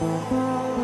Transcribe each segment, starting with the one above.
Thank you.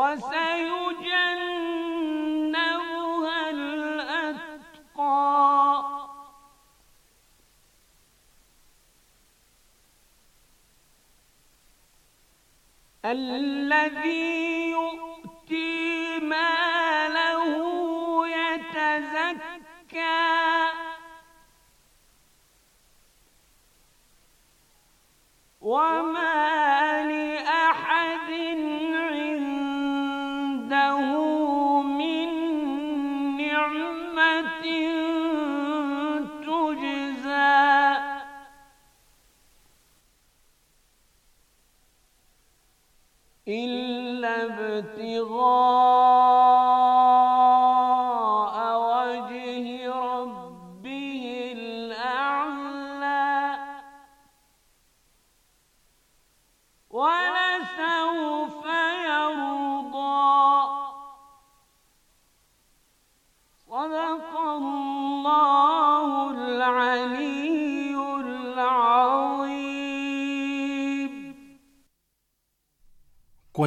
وسيجنبها الأتقى الذي يؤتي ماله يتزكى وما ابتغاء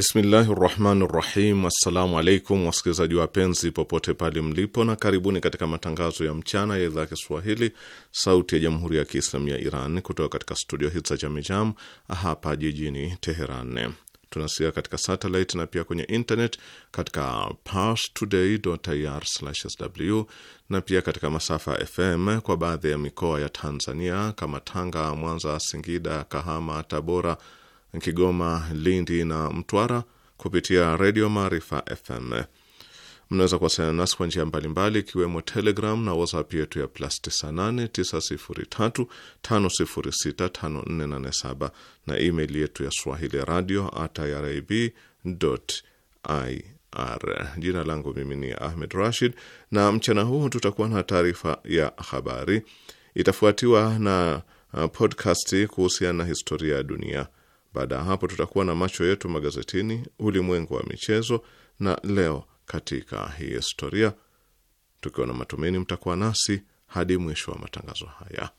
Bismillahi rahmani rahim. Assalamu alaikum wasikilizaji wapenzi popote pale mlipo, na karibuni katika matangazo ya mchana ya idhaa ya Kiswahili sauti ya jamhuri ya Kiislamu ya Iran kutoka katika studio hizi za Jamijam hapa jijini Teheran. Tunasikia katika satelit na pia kwenye internet katika parstoday.ir/sw na pia katika masafa ya FM kwa baadhi ya mikoa ya Tanzania kama Tanga, Mwanza, Singida, Kahama, Tabora Kigoma, Lindi na Mtwara kupitia Redio Maarifa FM. Mnaweza kuwasiliana nasi kwa njia mbalimbali ikiwemo Telegram na WhatsApp yetu ya plus 989035065487 na email yetu ya swahili radio at irib ir. Jina langu mimi ni Ahmed Rashid, na mchana huu tutakuwa na taarifa ya habari, itafuatiwa na uh, podcasti kuhusiana na historia ya dunia baada ya hapo, tutakuwa na macho yetu magazetini, ulimwengu wa michezo na leo katika hii historia, tukiwa na matumaini mtakuwa nasi hadi mwisho wa matangazo haya.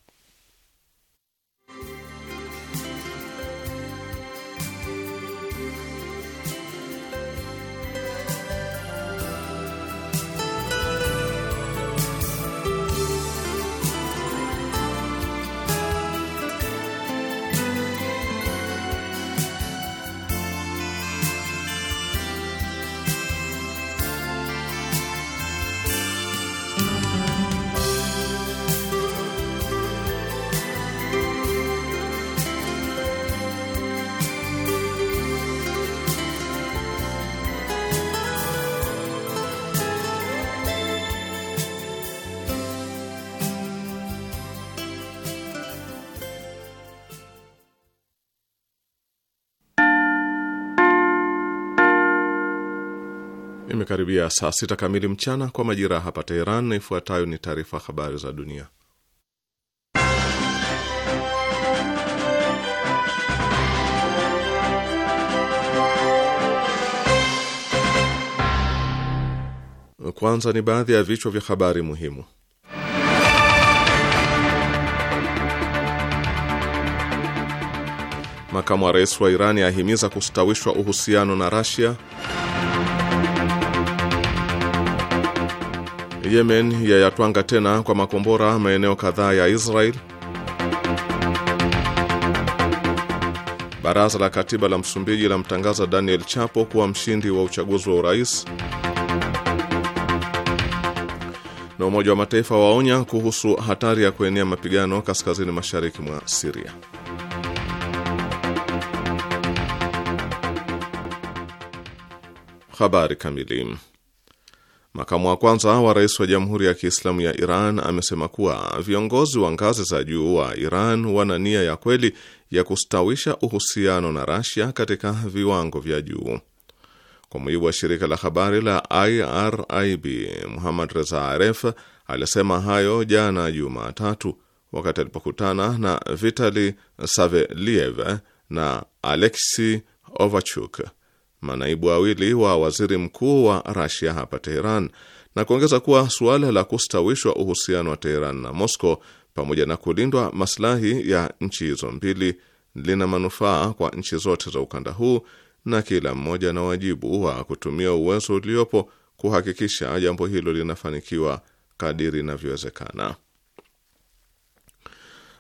Imekaribia saa sita kamili mchana kwa majira ya hapa Teheran, na ifuatayo ni taarifa habari za dunia. Kwanza ni baadhi ya vichwa vya habari muhimu. Makamu wa rais wa Irani ahimiza kustawishwa uhusiano na Rasia. Yemen yayatwanga tena kwa makombora maeneo kadhaa ya Israel. Baraza la katiba la Msumbiji lamtangaza Daniel Chapo kuwa mshindi wa uchaguzi wa urais. Na Umoja wa Mataifa waonya kuhusu hatari ya kuenea mapigano kaskazini mashariki mwa Syria. Habari kamili. Makamu wa kwanza wa rais wa Jamhuri ya Kiislamu ya Iran amesema kuwa viongozi wa ngazi za juu wa Iran wana nia ya kweli ya kustawisha uhusiano na Rasia katika viwango vya juu. Kwa mujibu wa shirika la habari la IRIB, Muhammad Reza Aref alisema hayo jana Jumatatu wakati alipokutana na Vitali Saveliev na Aleksi Ovachuk manaibu wawili wa waziri mkuu wa Rasia hapa Teheran na kuongeza kuwa suala la kustawishwa uhusiano wa Teheran na Moscow pamoja na kulindwa maslahi ya nchi hizo mbili lina manufaa kwa nchi zote za ukanda huu na kila mmoja na wajibu wa kutumia uwezo uliopo kuhakikisha jambo hilo linafanikiwa kadiri inavyowezekana.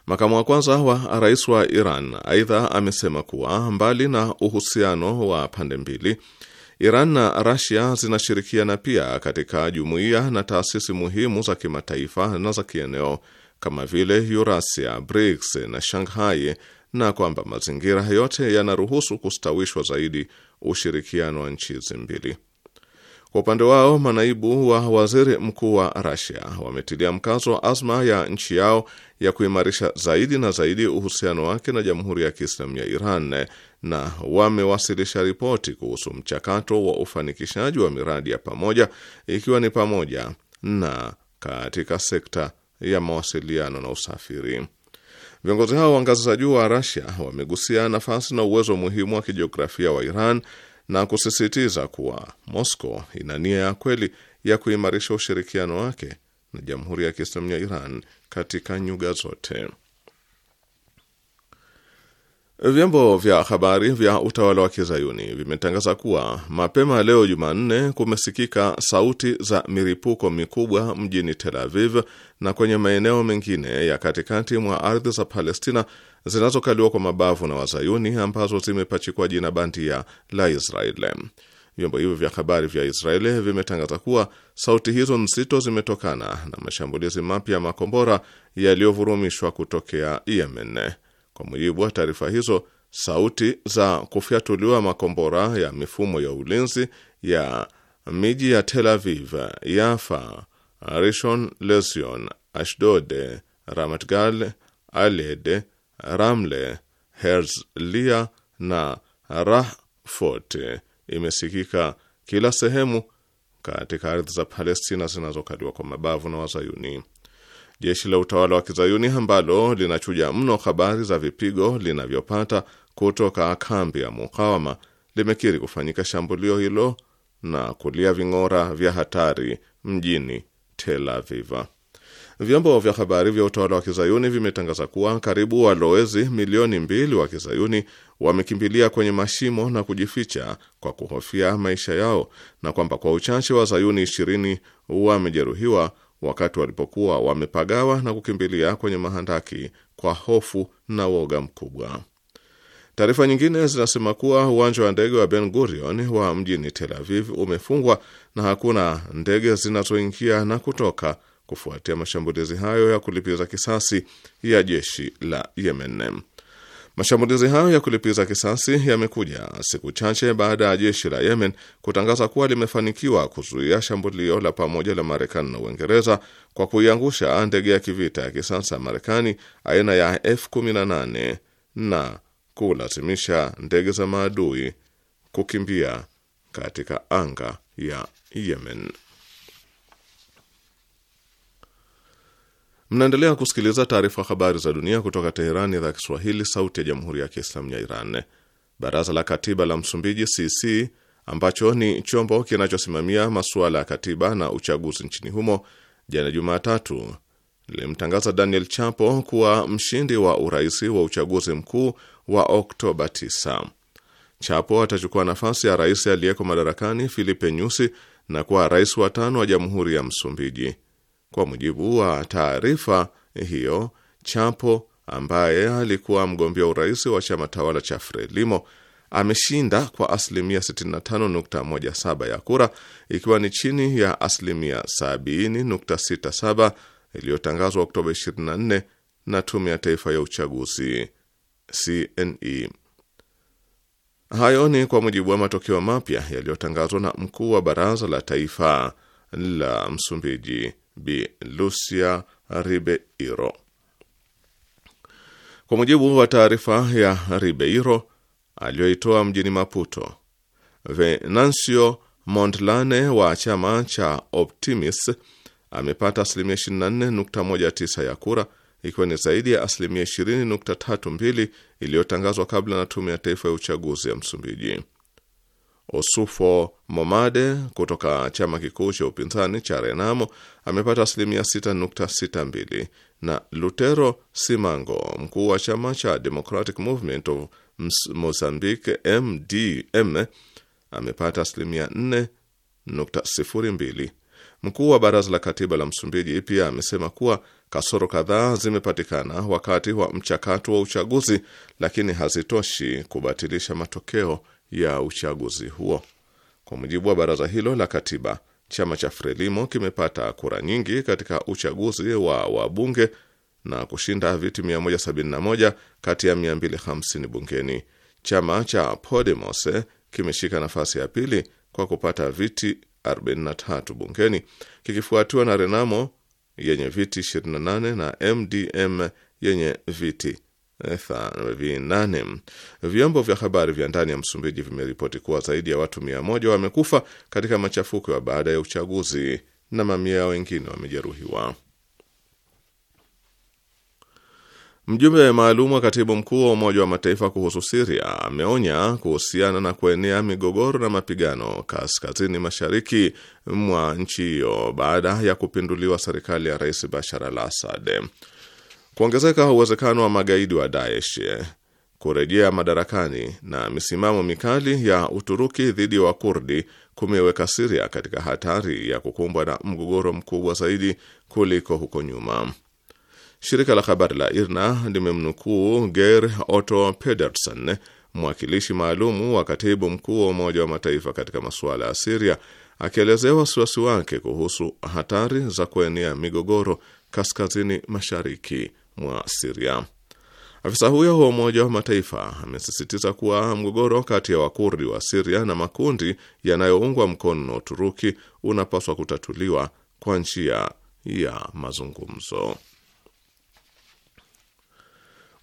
Makamu wa kwanza wa rais wa Iran aidha amesema kuwa mbali na uhusiano wa pande mbili, Iran na Rasia zinashirikiana pia katika jumuiya na taasisi muhimu za kimataifa na za kieneo kama vile Eurasia, BRICS na Shanghai, na kwamba mazingira yote yanaruhusu kustawishwa zaidi ushirikiano wa nchi hizi mbili. Kwa upande wao manaibu wa waziri mkuu wa Rasia wametilia mkazo wa azma ya nchi yao ya kuimarisha zaidi na zaidi uhusiano wake na Jamhuri ya Kiislamu ya Iran na wamewasilisha ripoti kuhusu mchakato wa ufanikishaji wa miradi ya pamoja ikiwa ni pamoja na katika sekta ya mawasiliano na usafiri. Viongozi hao wa ngazi za juu wa Rasia wamegusia nafasi na uwezo muhimu wa kijiografia wa Iran na kusisitiza kuwa Moscow ina nia ya kweli ya kuimarisha ushirikiano wake na Jamhuri ya Kiislamu ya Iran katika nyuga zote. Vyombo vya habari vya utawala wa kizayuni vimetangaza kuwa mapema leo Jumanne kumesikika sauti za miripuko mikubwa mjini Tel Aviv na kwenye maeneo mengine ya katikati mwa ardhi za Palestina zinazokaliwa kwa mabavu na wazayuni ambazo zimepachikwa jina bandia la Israeli. Vyombo hivyo vya habari vya Israeli vimetangaza kuwa sauti hizo nzito zimetokana na mashambulizi mapya ya makombora yaliyovurumishwa kutokea Yemen. Kwa mujibu wa taarifa hizo, sauti za kufyatuliwa makombora ya mifumo ya ulinzi ya miji ya Tel Aviv, Yafa, Rishon Lezion, ashdode Ramatgal, Aled, Ramle, Herzliya na Rahfot imesikika kila sehemu katika ardhi za Palestina zinazokaliwa kwa mabavu na Wazayuni. Jeshi la utawala wa kizayuni ambalo linachuja mno habari za vipigo linavyopata kutoka kambi ya mukawama limekiri kufanyika shambulio hilo na kulia ving'ora vya hatari mjini Tel Aviv. Vyombo vya habari vya utawala wa kizayuni vimetangaza kuwa karibu walowezi milioni mbili wa kizayuni wamekimbilia kwenye mashimo na kujificha kwa kuhofia maisha yao na kwamba kwa uchache wa zayuni ishirini wamejeruhiwa wakati walipokuwa wamepagawa na kukimbilia kwenye mahandaki kwa hofu na woga mkubwa. Taarifa nyingine zinasema kuwa uwanja wa ndege wa Ben Gurion wa mjini Tel Aviv umefungwa na hakuna ndege zinazoingia na kutoka kufuatia mashambulizi hayo ya kulipiza kisasi ya jeshi la Yemen. Mashambulizi hayo ya kulipiza kisasi yamekuja siku chache baada ya jeshi la Yemen kutangaza kuwa limefanikiwa kuzuia shambulio la pamoja la Marekani na Uingereza kwa kuiangusha ndege ya kivita ya kisasa ya Marekani aina ya F18 na kulazimisha ndege za maadui kukimbia katika anga ya Yemen. Mnaendelea kusikiliza taarifa habari za dunia kutoka Teherani, idhaa Kiswahili, sauti ya jamhuri ya kiislamu ya Iran. Baraza la katiba la Msumbiji CC ambacho ni chombo kinachosimamia masuala ya katiba na uchaguzi nchini humo, jana Jumatatu lilimtangaza Daniel Chapo kuwa mshindi wa urais wa uchaguzi mkuu wa Oktoba 9. Chapo atachukua nafasi ya rais aliyeko madarakani Filipe Nyusi na kuwa rais wa tano wa jamhuri ya Msumbiji. Kwa mujibu wa taarifa hiyo, Chapo ambaye alikuwa mgombea urais wa chama tawala cha Frelimo ameshinda kwa asilimia 65.17 ya kura ikiwa ni chini ya asilimia 70.67 iliyotangazwa Oktoba 24 na Tume ya Taifa ya Uchaguzi CNE. Hayo ni kwa mujibu wa matokeo mapya yaliyotangazwa na mkuu wa Baraza la Taifa la Msumbiji Bi Lucia Ribeiro. Kwa mujibu wa taarifa ya Ribeiro aliyoitoa mjini Maputo, Venancio Mondlane wa chama cha Optimis amepata asilimia 24.19 ya kura ikiwa ni zaidi ya asilimia 20.32 iliyotangazwa kabla na tume ya taifa ya uchaguzi ya Msumbiji. Osufo Momade kutoka chama kikuu cha upinzani cha Renamo amepata asilimia 6.62 na Lutero Simango, mkuu wa chama cha Democratic Movement of Mozambique MDM, amepata asilimia 4.02. Mkuu wa baraza la katiba la Msumbiji pia amesema kuwa kasoro kadhaa zimepatikana wakati wa mchakato wa uchaguzi, lakini hazitoshi kubatilisha matokeo ya uchaguzi huo. Kwa mujibu wa baraza hilo la katiba, chama cha Frelimo kimepata kura nyingi katika uchaguzi wa wabunge na kushinda viti 171 kati ya 250 bungeni. Chama cha Podemos kimeshika nafasi ya pili kwa kupata viti 43 bungeni kikifuatiwa na Renamo yenye viti 28 na MDM yenye viti 8. Vyombo vya habari vya ndani ya Msumbiji vimeripoti kuwa zaidi ya watu mia moja wamekufa katika machafuko ya baada ya uchaguzi na mamia wengine wamejeruhiwa. Mjumbe maalum wa katibu mkuu wa Umoja wa Mataifa kuhusu Siria ameonya kuhusiana na kuenea migogoro na mapigano kaskazini mashariki mwa nchi hiyo baada ya kupinduliwa serikali ya Rais Bashar al Assad. Kuongezeka uwezekano wa magaidi wa Daesh eh, kurejea madarakani na misimamo mikali ya Uturuki dhidi ya wa Wakurdi kumeweka Siria katika hatari ya kukumbwa na mgogoro mkubwa zaidi kuliko huko nyuma. Shirika la habari la IRNA limemnukuu Geir Otto Pedersen, mwakilishi maalumu wa katibu mkuu wa Umoja wa Mataifa katika masuala ya Siria, akielezea wasiwasi wake kuhusu hatari za kuenea migogoro kaskazini mashariki mwa Siria. Afisa huyo wa Umoja wa Mataifa amesisitiza kuwa mgogoro kati ya Wakurdi wa Siria na makundi yanayoungwa mkono na Uturuki unapaswa kutatuliwa kwa njia ya mazungumzo.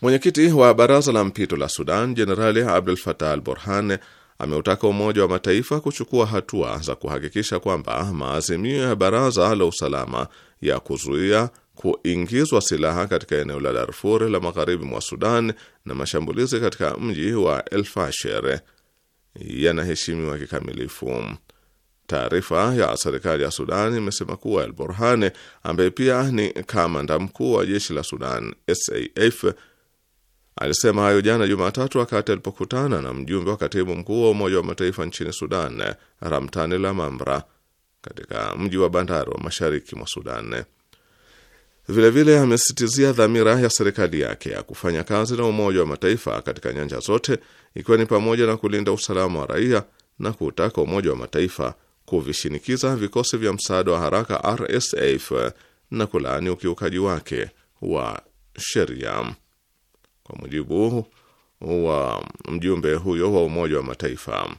Mwenyekiti wa baraza la mpito la Sudan, Jenerali Abdul Fatah al Burhan, ameutaka Umoja wa Mataifa kuchukua hatua za kuhakikisha kwamba maazimio ya Baraza la Usalama ya kuzuia kuingizwa silaha katika eneo la Darfur la magharibi mwa Sudan na mashambulizi katika mji wa El Fasher yanaheshimiwa kikamilifu. Taarifa ya serikali ya Sudan imesema kuwa El burhan ambaye pia ni kamanda mkuu wa jeshi la Sudan SAF, alisema hayo jana Jumatatu wakati alipokutana na mjumbe wa katibu mkuu wa Umoja wa Mataifa nchini Sudan, Ramtane Lamamra, katika mji wa bandari wa mashariki mwa Sudan. Vilevile amesisitizia dhamira ya serikali yake ya kufanya kazi na Umoja wa Mataifa katika nyanja zote, ikiwa ni pamoja na kulinda usalama wa raia na kuutaka Umoja wa Mataifa kuvishinikiza vikosi vya msaada wa haraka RSF na kulaani ukiukaji wake wa sheria. Kwa mujibu wa mjumbe huyo wa Umoja wa Mataifa,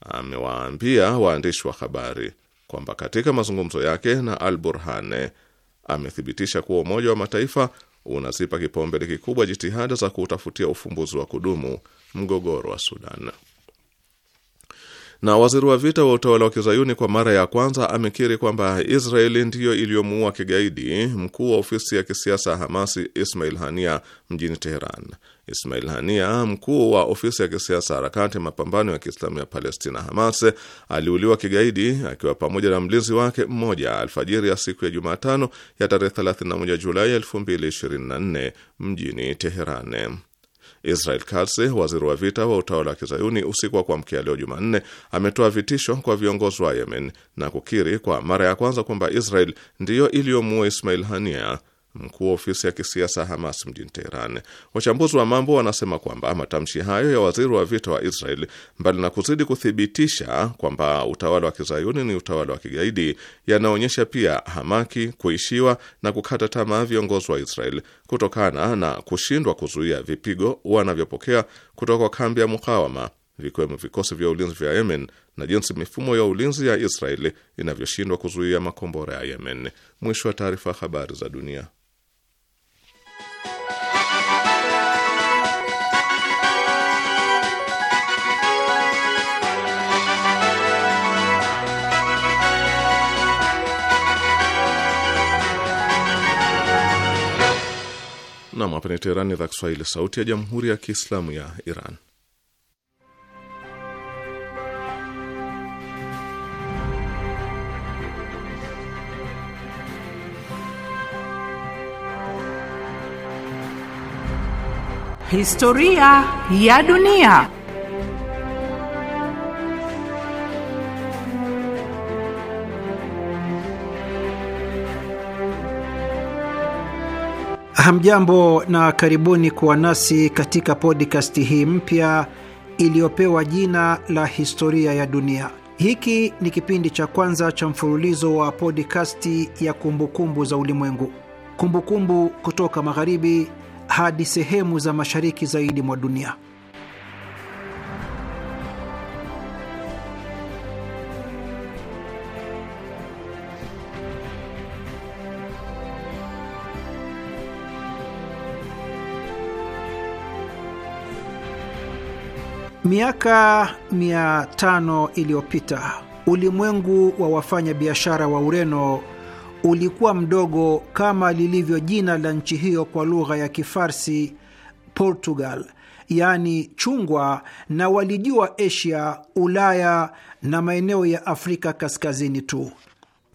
amewaambia waandishi wa habari kwamba katika mazungumzo yake na Al Burhane amethibitisha kuwa Umoja wa Mataifa unazipa kipaumbele kikubwa jitihada za kutafutia ufumbuzi wa kudumu mgogoro wa Sudan. Na waziri wa vita wa utawala wa kizayuni kwa mara ya kwanza amekiri kwamba Israeli ndiyo iliyomuua kigaidi mkuu wa ofisi ya kisiasa Hamasi Ismail Hania mjini Teheran. Ismail Hania, mkuu wa ofisi ya kisiasa harakati ya mapambano ya Kiislamu ya Palestina Hamas, aliuliwa kigaidi akiwa pamoja na mlinzi wake mmoja alfajiri ya siku ya Jumatano ya tarehe 31 Julai 2024 mjini Teheran. Israel Katz, waziri wa vita wa utawala wa kizayuni, usiku wa kuamkia leo Jumanne, ametoa vitisho kwa viongozi wa Yemen na kukiri kwa mara ya kwanza kwamba Israel ndiyo iliyomuua Ismail Hania, mkuu wa ofisi ya kisiasa Hamas mjini Teheran. Wachambuzi wa mambo wanasema kwamba matamshi hayo ya waziri wa vita wa Israel, mbali na kuzidi kuthibitisha kwamba utawala wa kizayuni ni utawala wa kigaidi, yanaonyesha pia hamaki kuishiwa na kukata tamaa viongozi wa Israel kutokana na kushindwa kuzuia vipigo wanavyopokea kutoka kwa kambi ya mukawama, vikiwemo vikosi vya ulinzi vya Yemen na jinsi mifumo ya ulinzi ya Israeli inavyoshindwa kuzuia makombora ya Yemen. Mwisho wa taarifa. Habari za dunia. Nam, hapa ni Teherani, idhaa Kiswahili, sauti ya jamhuri ya kiislamu ya Iran. Historia ya dunia. Hamjambo na karibuni kuwa nasi katika podcast hii mpya iliyopewa jina la Historia ya Dunia. Hiki ni kipindi cha kwanza cha mfululizo wa podikasti ya kumbukumbu za ulimwengu, kumbukumbu kutoka magharibi hadi sehemu za mashariki zaidi mwa dunia. Miaka mia tano iliyopita ulimwengu wa wafanyabiashara wa Ureno ulikuwa mdogo kama lilivyo jina la nchi hiyo kwa lugha ya Kifarsi, Portugal, yaani chungwa, na walijua Asia, Ulaya na maeneo ya Afrika kaskazini tu.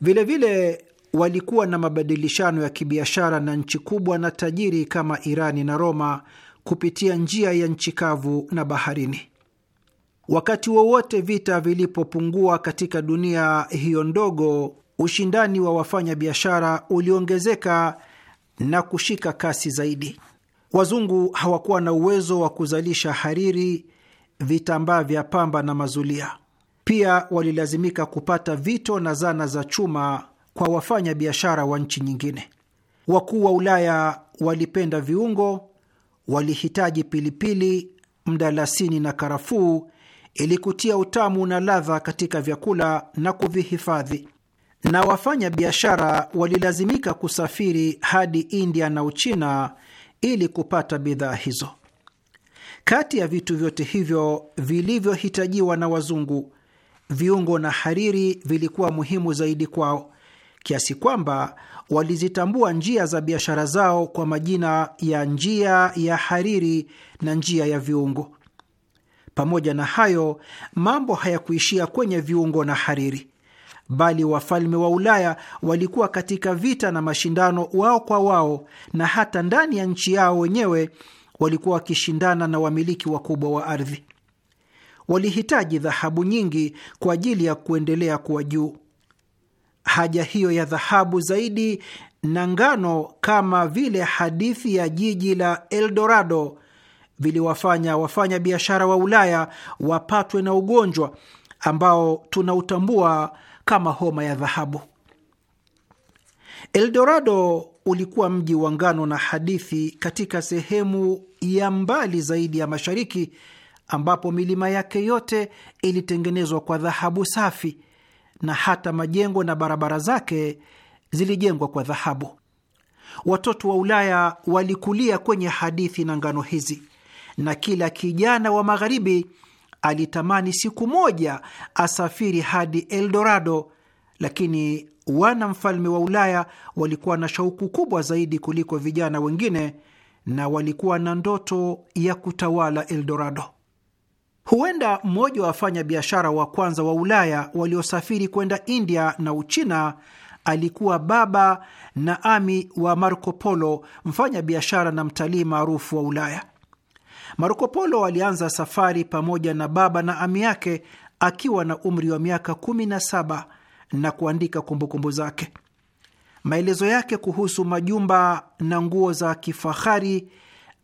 Vilevile vile walikuwa na mabadilishano ya kibiashara na nchi kubwa na tajiri kama Irani na Roma kupitia njia ya nchi kavu na baharini. Wakati wowote vita vilipopungua katika dunia hiyo ndogo, ushindani wa wafanya biashara uliongezeka na kushika kasi zaidi. Wazungu hawakuwa na uwezo wa kuzalisha hariri, vitambaa vya pamba na mazulia. Pia walilazimika kupata vito na zana za chuma kwa wafanya biashara wa nchi nyingine. Wakuu wa Ulaya walipenda viungo, walihitaji pilipili, mdalasini na karafuu ili kutia utamu na ladha katika vyakula na kuvihifadhi, na wafanya biashara walilazimika kusafiri hadi India na Uchina ili kupata bidhaa hizo. Kati ya vitu vyote hivyo vilivyohitajiwa na wazungu, viungo na hariri vilikuwa muhimu zaidi kwao, kiasi kwamba walizitambua njia za biashara zao kwa majina ya njia ya hariri na njia ya viungo. Pamoja na hayo, mambo hayakuishia kwenye viungo na hariri, bali wafalme wa Ulaya walikuwa katika vita na mashindano wao kwa wao, na hata ndani ya nchi yao wenyewe walikuwa wakishindana na wamiliki wakubwa wa ardhi. Walihitaji dhahabu nyingi kwa ajili ya kuendelea kuwa juu. Haja hiyo ya dhahabu zaidi na ngano, kama vile hadithi ya jiji la Eldorado viliwafanya wafanya biashara wa Ulaya wapatwe na ugonjwa ambao tunautambua kama homa ya dhahabu. Eldorado ulikuwa mji wa ngano na hadithi katika sehemu ya mbali zaidi ya mashariki, ambapo milima yake yote ilitengenezwa kwa dhahabu safi na hata majengo na barabara zake zilijengwa kwa dhahabu. Watoto wa Ulaya walikulia kwenye hadithi na ngano hizi na kila kijana wa magharibi alitamani siku moja asafiri hadi Eldorado, lakini wana mfalme wa Ulaya walikuwa na shauku kubwa zaidi kuliko vijana wengine na walikuwa na ndoto ya kutawala Eldorado. Huenda mmoja wa wafanya biashara wa kwanza wa Ulaya waliosafiri kwenda India na Uchina alikuwa baba na ami wa Marco Polo, mfanya biashara na mtalii maarufu wa Ulaya. Marco Polo alianza safari pamoja na baba na ami yake akiwa na umri wa miaka kumi na saba na kuandika kumbukumbu zake. Maelezo yake kuhusu majumba na nguo za kifahari,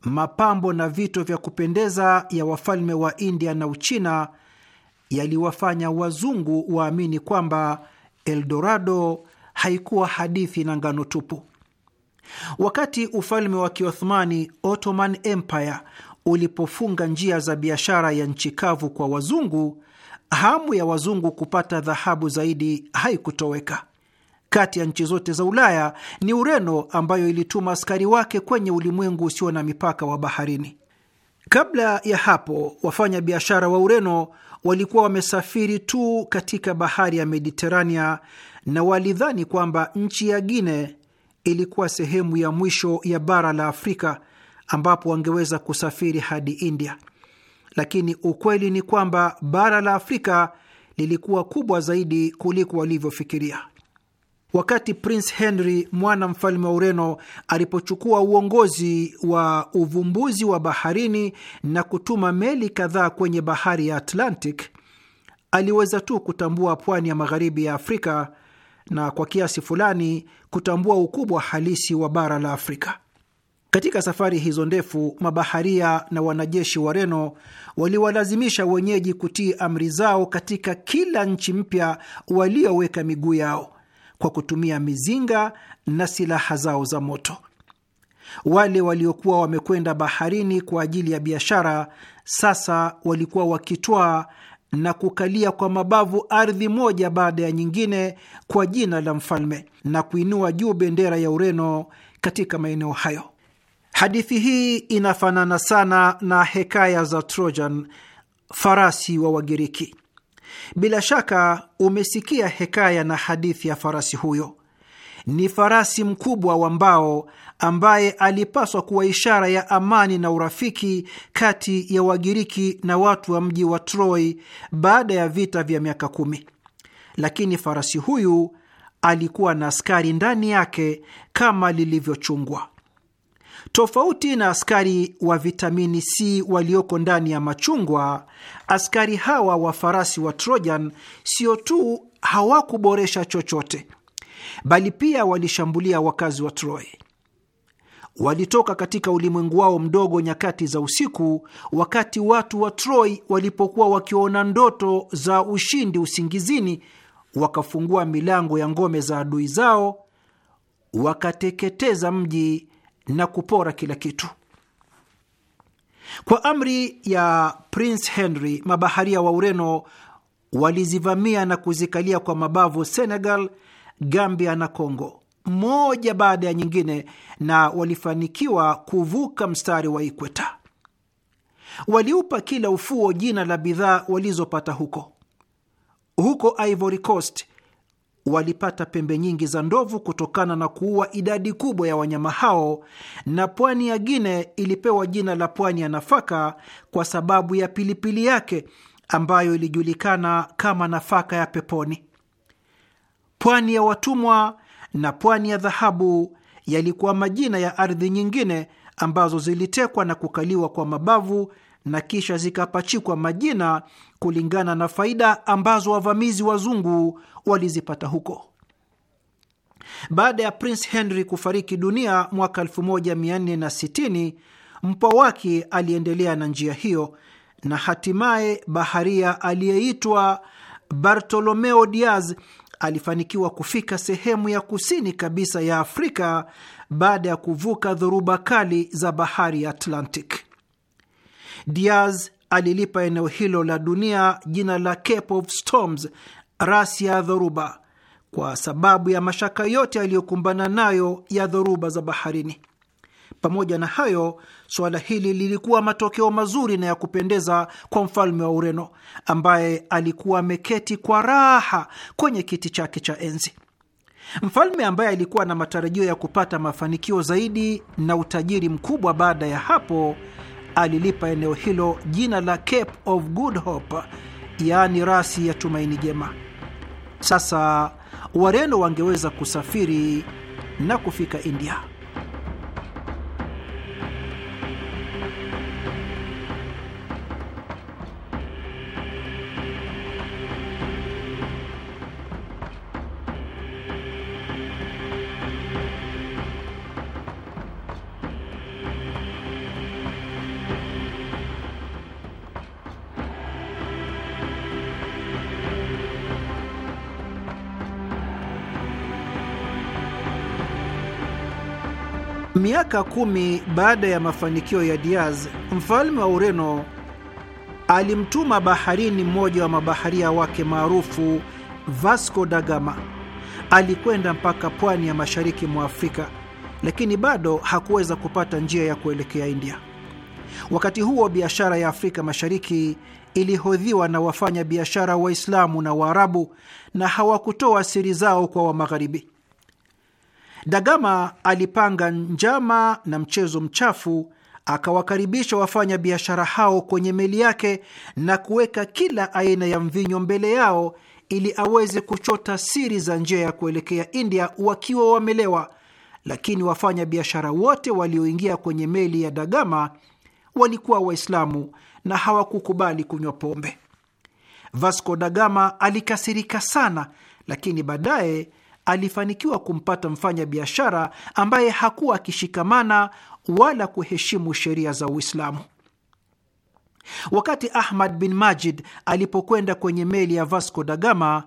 mapambo na vito vya kupendeza ya wafalme wa India na Uchina yaliwafanya wazungu waamini kwamba Eldorado haikuwa hadithi na ngano tupu. Wakati ufalme wa Kiothmani, Ottoman Empire, ulipofunga njia za biashara ya nchi kavu kwa wazungu, hamu ya wazungu kupata dhahabu zaidi haikutoweka. Kati ya nchi zote za Ulaya ni Ureno ambayo ilituma askari wake kwenye ulimwengu usio na mipaka wa baharini. Kabla ya hapo, wafanya biashara wa Ureno walikuwa wamesafiri tu katika bahari ya Mediterania na walidhani kwamba nchi ya guine ilikuwa sehemu ya mwisho ya bara la Afrika ambapo wangeweza kusafiri hadi India, lakini ukweli ni kwamba bara la Afrika lilikuwa kubwa zaidi kuliko walivyofikiria. Wakati Prince Henry, mwana mfalme wa Ureno, alipochukua uongozi wa uvumbuzi wa baharini na kutuma meli kadhaa kwenye bahari ya Atlantic, aliweza tu kutambua pwani ya magharibi ya Afrika na kwa kiasi fulani kutambua ukubwa halisi wa bara la Afrika. Katika safari hizo ndefu, mabaharia na wanajeshi wa reno waliwalazimisha wenyeji kutii amri zao katika kila nchi mpya walioweka miguu yao kwa kutumia mizinga na silaha zao za moto. Wale waliokuwa wamekwenda baharini kwa ajili ya biashara sasa walikuwa wakitwaa na kukalia kwa mabavu ardhi moja baada ya nyingine kwa jina la mfalme na kuinua juu bendera ya Ureno katika maeneo hayo. Hadithi hii inafanana sana na hekaya za Trojan, farasi wa Wagiriki. Bila shaka umesikia hekaya na hadithi ya farasi huyo. Ni farasi mkubwa wa mbao ambaye alipaswa kuwa ishara ya amani na urafiki kati ya Wagiriki na watu wa mji wa Troy baada ya vita vya miaka kumi, lakini farasi huyu alikuwa na askari ndani yake kama lilivyochungwa. Tofauti na askari wa vitamini C walioko ndani ya machungwa, askari hawa wa farasi wa Trojan sio tu hawakuboresha chochote, bali pia walishambulia wakazi wa Troy. Walitoka katika ulimwengu wao mdogo nyakati za usiku, wakati watu wa Troy walipokuwa wakiona ndoto za ushindi usingizini, wakafungua milango ya ngome za adui zao, wakateketeza mji na kupora kila kitu. Kwa amri ya Prince Henry, mabaharia wa Ureno walizivamia na kuzikalia kwa mabavu Senegal, Gambia na congo moja baada ya nyingine, na walifanikiwa kuvuka mstari wa ikweta. Waliupa kila ufuo jina la bidhaa walizopata huko. Huko Ivory Coast walipata pembe nyingi za ndovu kutokana na kuua idadi kubwa ya wanyama hao, na pwani ya Gine ilipewa jina la pwani ya nafaka kwa sababu ya pilipili yake ambayo ilijulikana kama nafaka ya peponi. Pwani ya watumwa na pwani ya dhahabu yalikuwa majina ya ardhi nyingine ambazo zilitekwa na kukaliwa kwa mabavu na kisha zikapachikwa majina kulingana na faida ambazo wavamizi wazungu walizipata huko. Baada ya Prince Henry kufariki dunia mwaka 1460, mpwa wake aliendelea na njia hiyo na hatimaye baharia aliyeitwa Bartolomeo Diaz alifanikiwa kufika sehemu ya kusini kabisa ya Afrika baada ya kuvuka dhoruba kali za bahari ya Atlantic. Diaz alilipa eneo hilo la dunia jina la Cape of Storms, rasi ya dhoruba, kwa sababu ya mashaka yote aliyokumbana nayo ya dhoruba za baharini. Pamoja na hayo, suala hili lilikuwa matokeo mazuri na ya kupendeza kwa mfalme wa Ureno ambaye alikuwa ameketi kwa raha kwenye kiti chake cha enzi. Mfalme ambaye alikuwa na matarajio ya kupata mafanikio zaidi na utajiri mkubwa baada ya hapo alilipa eneo hilo jina la Cape of Good Hope, yaani rasi ya tumaini jema. Sasa Wareno wangeweza kusafiri na kufika India. Miaka kumi baada ya mafanikio ya Diaz, mfalme wa Ureno alimtuma baharini mmoja wa mabaharia wake maarufu Vasco da Gama. Alikwenda mpaka pwani ya mashariki mwa Afrika, lakini bado hakuweza kupata njia ya kuelekea India. Wakati huo biashara ya Afrika Mashariki ilihodhiwa na wafanya biashara Waislamu na Waarabu, na hawakutoa siri zao kwa Wamagharibi. Dagama alipanga njama na mchezo mchafu, akawakaribisha wafanya biashara hao kwenye meli yake na kuweka kila aina ya mvinyo mbele yao ili aweze kuchota siri za njia ya kuelekea India wakiwa wamelewa. Lakini wafanya biashara wote walioingia kwenye meli ya Dagama walikuwa Waislamu na hawakukubali kunywa pombe. Vasco da Gama alikasirika sana, lakini baadaye alifanikiwa kumpata mfanya biashara ambaye hakuwa akishikamana wala kuheshimu sheria za Uislamu. Wakati Ahmad bin Majid alipokwenda kwenye meli ya Vasco da Gama,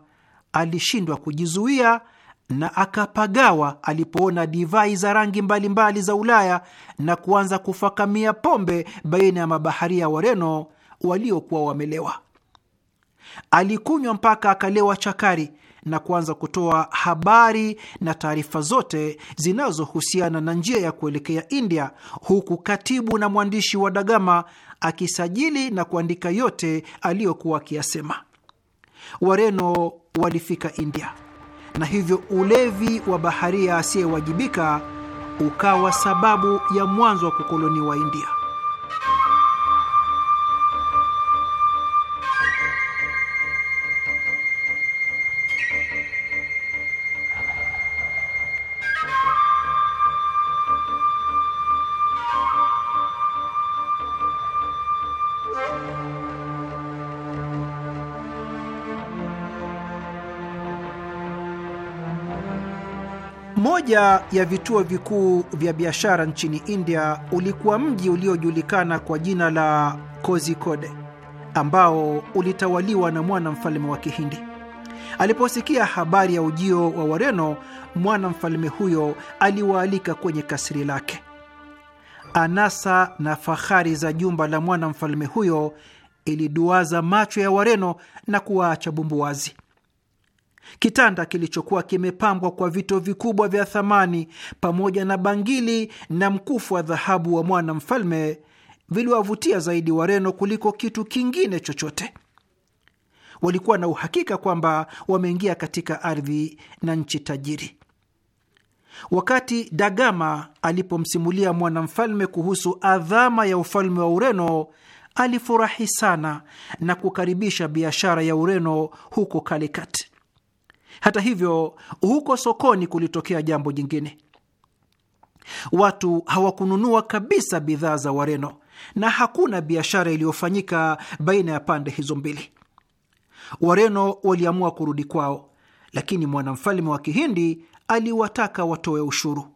alishindwa kujizuia na akapagawa alipoona divai za rangi mbalimbali mbali za Ulaya na kuanza kufakamia pombe baina ya mabaharia Wareno waliokuwa wamelewa. Alikunywa mpaka akalewa chakari na kuanza kutoa habari na taarifa zote zinazohusiana na njia ya kuelekea India, huku katibu na mwandishi wa Dagama akisajili na kuandika yote aliyokuwa akiyasema. Wareno walifika India na hivyo ulevi wa baharia asiyewajibika ukawa sababu ya mwanzo wa kukoloniwa India. moja ya vituo vikuu vya biashara nchini India ulikuwa mji uliojulikana kwa jina la kozikode ambao ulitawaliwa na mwana mfalme wa Kihindi. Aliposikia habari ya ujio wa Wareno, mwana mfalme huyo aliwaalika kwenye kasri lake. Anasa na fahari za jumba la mwana mfalme huyo iliduaza macho ya Wareno na kuwaacha bumbu wazi kitanda kilichokuwa kimepambwa kwa vito vikubwa vya thamani pamoja na bangili na mkufu wa dhahabu wa mwana mfalme viliwavutia zaidi Wareno kuliko kitu kingine chochote. Walikuwa na uhakika kwamba wameingia katika ardhi na nchi tajiri. Wakati Dagama alipomsimulia mwanamfalme kuhusu adhama ya ufalme wa Ureno, alifurahi sana na kukaribisha biashara ya Ureno huko Kalikati. Hata hivyo, huko sokoni kulitokea jambo jingine. Watu hawakununua kabisa bidhaa za Wareno na hakuna biashara iliyofanyika baina ya pande hizo mbili. Wareno waliamua kurudi kwao, lakini mwanamfalme wa Kihindi aliwataka watoe ushuru.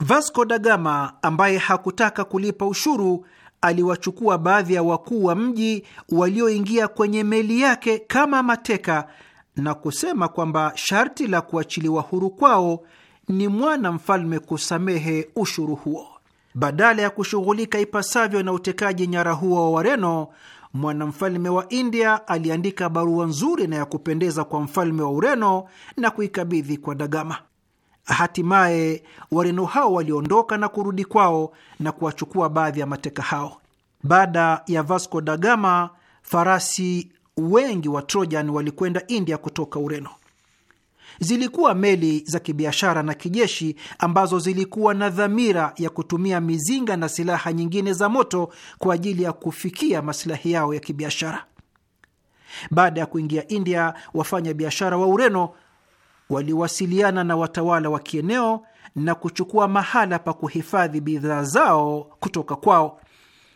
Vasco da Gama ambaye hakutaka kulipa ushuru aliwachukua baadhi ya wakuu wa mji walioingia kwenye meli yake kama mateka na kusema kwamba sharti la kuachiliwa huru kwao ni mwana mfalme kusamehe ushuru huo. Badala ya kushughulika ipasavyo na utekaji nyara huo wa Wareno, mwanamfalme wa India aliandika barua nzuri na ya kupendeza kwa mfalme wa Ureno na kuikabidhi kwa Dagama. Hatimaye Wareno hao waliondoka na kurudi kwao na kuwachukua baadhi ya mateka hao. Baada ya Vasco da Gama, farasi wengi wa Trojan walikwenda India kutoka Ureno. Zilikuwa meli za kibiashara na kijeshi ambazo zilikuwa na dhamira ya kutumia mizinga na silaha nyingine za moto kwa ajili ya kufikia masilahi yao ya kibiashara. Baada ya kuingia India, wafanya biashara wa Ureno waliwasiliana na watawala wa kieneo na kuchukua mahala pa kuhifadhi bidhaa zao kutoka kwao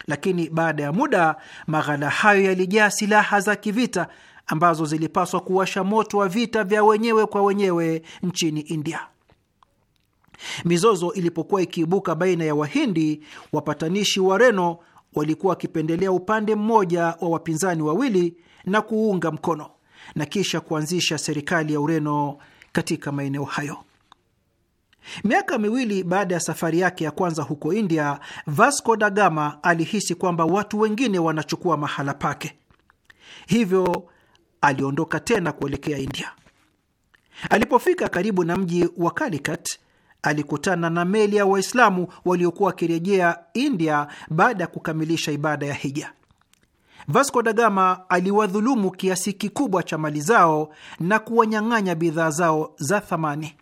lakini baada ya muda maghala hayo yalijaa silaha za kivita ambazo zilipaswa kuwasha moto wa vita vya wenyewe kwa wenyewe nchini India. Mizozo ilipokuwa ikiibuka baina ya Wahindi, wapatanishi Wareno walikuwa wakipendelea upande mmoja wa wapinzani wawili na kuunga mkono na kisha kuanzisha serikali ya Ureno katika maeneo hayo. Miaka miwili baada ya safari yake ya kwanza huko India, Vasco da Gama alihisi kwamba watu wengine wanachukua mahala pake, hivyo aliondoka tena kuelekea India. Alipofika karibu na mji wa Calicut, alikutana na meli ya Waislamu waliokuwa wakirejea India baada ya kukamilisha ibada ya hija. Vasco da Gama aliwadhulumu kiasi kikubwa cha mali zao na kuwanyang'anya bidhaa zao za thamani.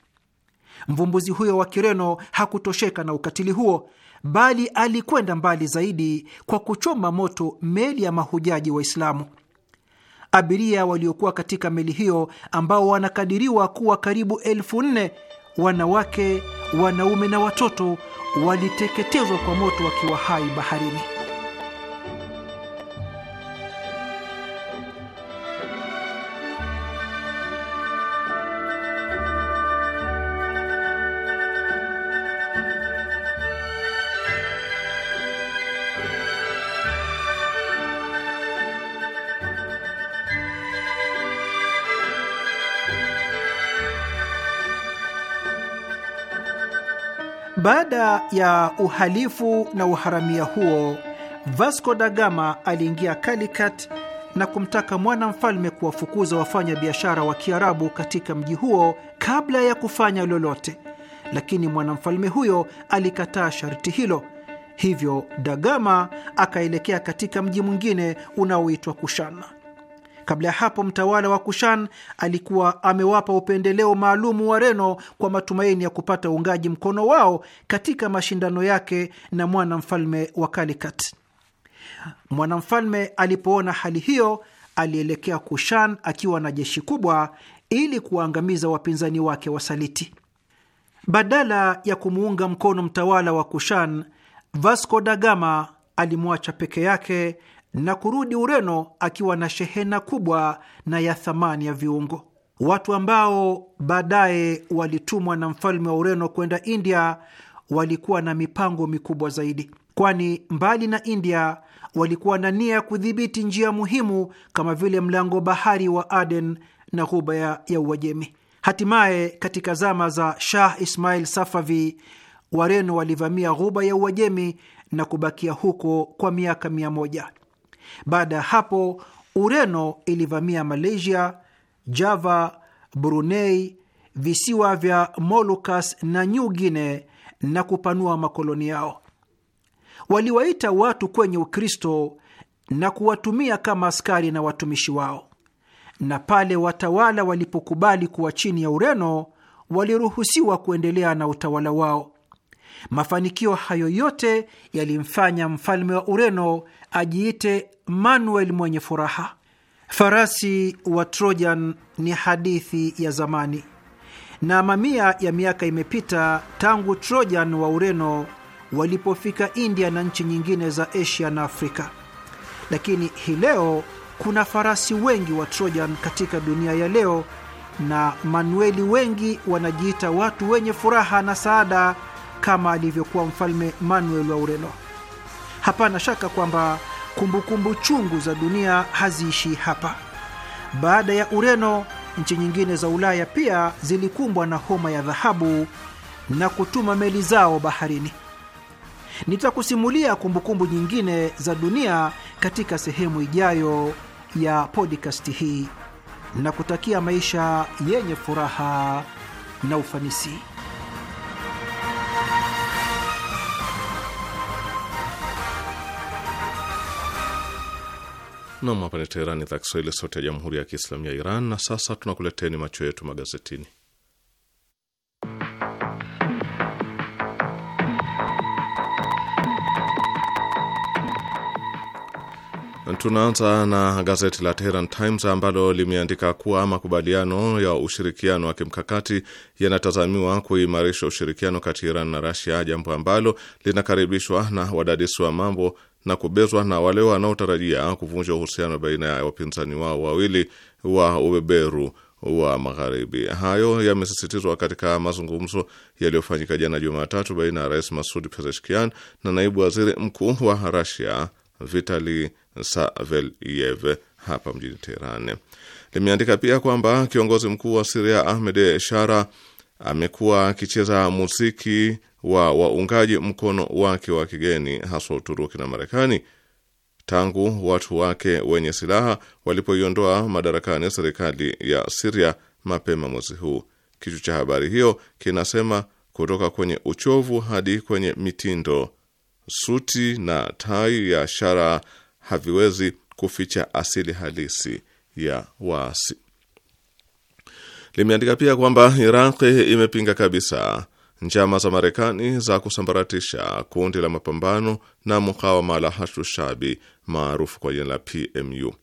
Mvumbuzi huyo wa Kireno hakutosheka na ukatili huo, bali alikwenda mbali zaidi kwa kuchoma moto meli ya mahujaji Waislamu. Abiria waliokuwa katika meli hiyo ambao wanakadiriwa kuwa karibu elfu nne wanawake, wanaume na watoto waliteketezwa kwa moto wakiwa hai baharini. Baada ya uhalifu na uharamia huo, Vasco da Gama aliingia Calicut na kumtaka mwanamfalme kuwafukuza wafanya biashara wa Kiarabu katika mji huo kabla ya kufanya lolote, lakini mwanamfalme huyo alikataa sharti hilo. Hivyo Dagama akaelekea katika mji mwingine unaoitwa Kushana. Kabla ya hapo, mtawala wa Kushan alikuwa amewapa upendeleo maalumu Wareno kwa matumaini ya kupata uungaji mkono wao katika mashindano yake na mwanamfalme wa kalikat Mwanamfalme alipoona hali hiyo, alielekea Kushan akiwa na jeshi kubwa ili kuwaangamiza wapinzani wake wasaliti. Badala ya kumuunga mkono mtawala wa Kushan, Vasco da Gama alimwacha peke yake na kurudi Ureno akiwa na shehena kubwa na ya thamani ya viungo. Watu ambao baadaye walitumwa na mfalme wa Ureno kwenda India walikuwa na mipango mikubwa zaidi, kwani mbali na India walikuwa na nia ya kudhibiti njia muhimu kama vile mlango bahari wa Aden na ghuba ya Uajemi. Hatimaye, katika zama za Shah Ismail Safavi, Wareno walivamia ghuba ya Uajemi na kubakia huko kwa miaka mia moja. Baada ya hapo, Ureno ilivamia Malaysia, Java, Brunei, visiwa vya Molucas na New Guinea na kupanua makoloni yao. Waliwaita watu kwenye Ukristo na kuwatumia kama askari na watumishi wao, na pale watawala walipokubali kuwa chini ya Ureno, waliruhusiwa kuendelea na utawala wao Mafanikio hayo yote yalimfanya mfalme wa Ureno ajiite Manuel mwenye furaha. Farasi wa Trojan ni hadithi ya zamani na mamia ya miaka imepita tangu Trojan wa Ureno walipofika India na nchi nyingine za Asia na Afrika, lakini hii leo kuna farasi wengi wa Trojan katika dunia ya leo na Manueli wengi wanajiita watu wenye furaha na saada kama alivyokuwa mfalme Manuel wa Ureno. Hapana shaka kwamba kumbukumbu chungu za dunia haziishi hapa. Baada ya Ureno, nchi nyingine za Ulaya pia zilikumbwa na homa ya dhahabu na kutuma meli zao baharini. Nitakusimulia kumbukumbu nyingine za dunia katika sehemu ijayo ya podcast hii na kutakia maisha yenye furaha na ufanisi. Nam, hapa ni Teherani, idhaa Kiswahili, sauti ya jamhuri ya kiislamu ya Iran. Na sasa tunakuleteni macho yetu magazetini. Tunaanza na gazeti la Teheran Times ambalo limeandika kuwa makubaliano ya ushirikiano wa kimkakati yanatazamiwa kuimarisha ushirikiano kati ya Iran na Rasia, jambo ambalo linakaribishwa na wadadisi wa mambo na kubezwa na wale wanaotarajia kuvunja uhusiano baina ya wapinzani wao wawili wa ubeberu wa magharibi. Hayo yamesisitizwa katika mazungumzo yaliyofanyika jana Jumatatu baina ya Rais Masud Pezeshkian na naibu waziri mkuu wa Rasia Vitali Saveliev hapa mjini Teheran. Limeandika pia kwamba kiongozi mkuu wa Siria Ahmed Shara amekuwa akicheza muziki wa waungaji mkono wake wa kigeni haswa Uturuki na Marekani tangu watu wake wenye silaha walipoiondoa madarakani serikali ya Siria mapema mwezi huu. Kichwa cha habari hiyo kinasema kutoka kwenye uchovu hadi kwenye mitindo, suti na tai ya shara haviwezi kuficha asili halisi ya waasi. Limeandika pia kwamba Iraq imepinga kabisa Njama za Marekani za kusambaratisha kundi la mapambano na mukawama la Hashdu Shabi maarufu kwa jina la PMU.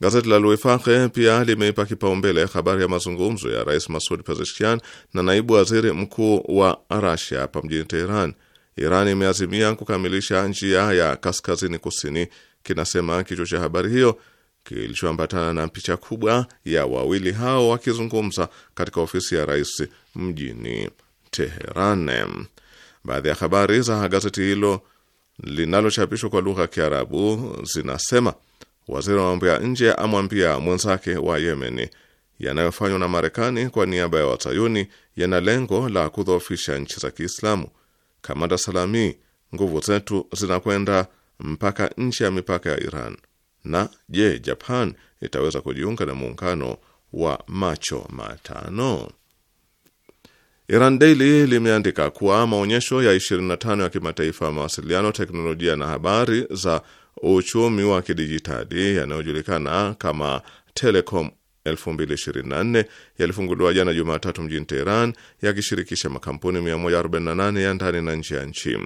Gazeti la luifahe pia limeipa kipaumbele habari ya mazungumzo ya Rais Masud Pezeshkian na naibu waziri mkuu wa Rasia hapa mjini Teheran. Iran imeazimia kukamilisha njia ya kaskazini kusini, kinasema kichwa cha habari hiyo kilichoambatana na picha kubwa ya wawili hao wakizungumza katika ofisi ya rais mjini Teheran. Baadhi ya habari za gazeti hilo linalochapishwa kwa lugha ya Kiarabu zinasema waziri wa mambo ya nje amwambia mwenzake wa Yemen yanayofanywa na Marekani kwa niaba ya Wazayuni yana lengo la kudhoofisha nchi za Kiislamu. Kamanda Salami, nguvu zetu zinakwenda mpaka nchi ya mipaka ya Iran. Na je, Japan itaweza kujiunga na muungano wa macho matano? Iran Daily limeandika kuwa maonyesho ya 25 ya kimataifa ya mawasiliano, teknolojia na habari za uchumi wa kidijitali yanayojulikana kama Telecom 2024 yalifunguliwa jana Jumatatu mjini Teheran yakishirikisha makampuni 148 ya ndani na nje ya nchi.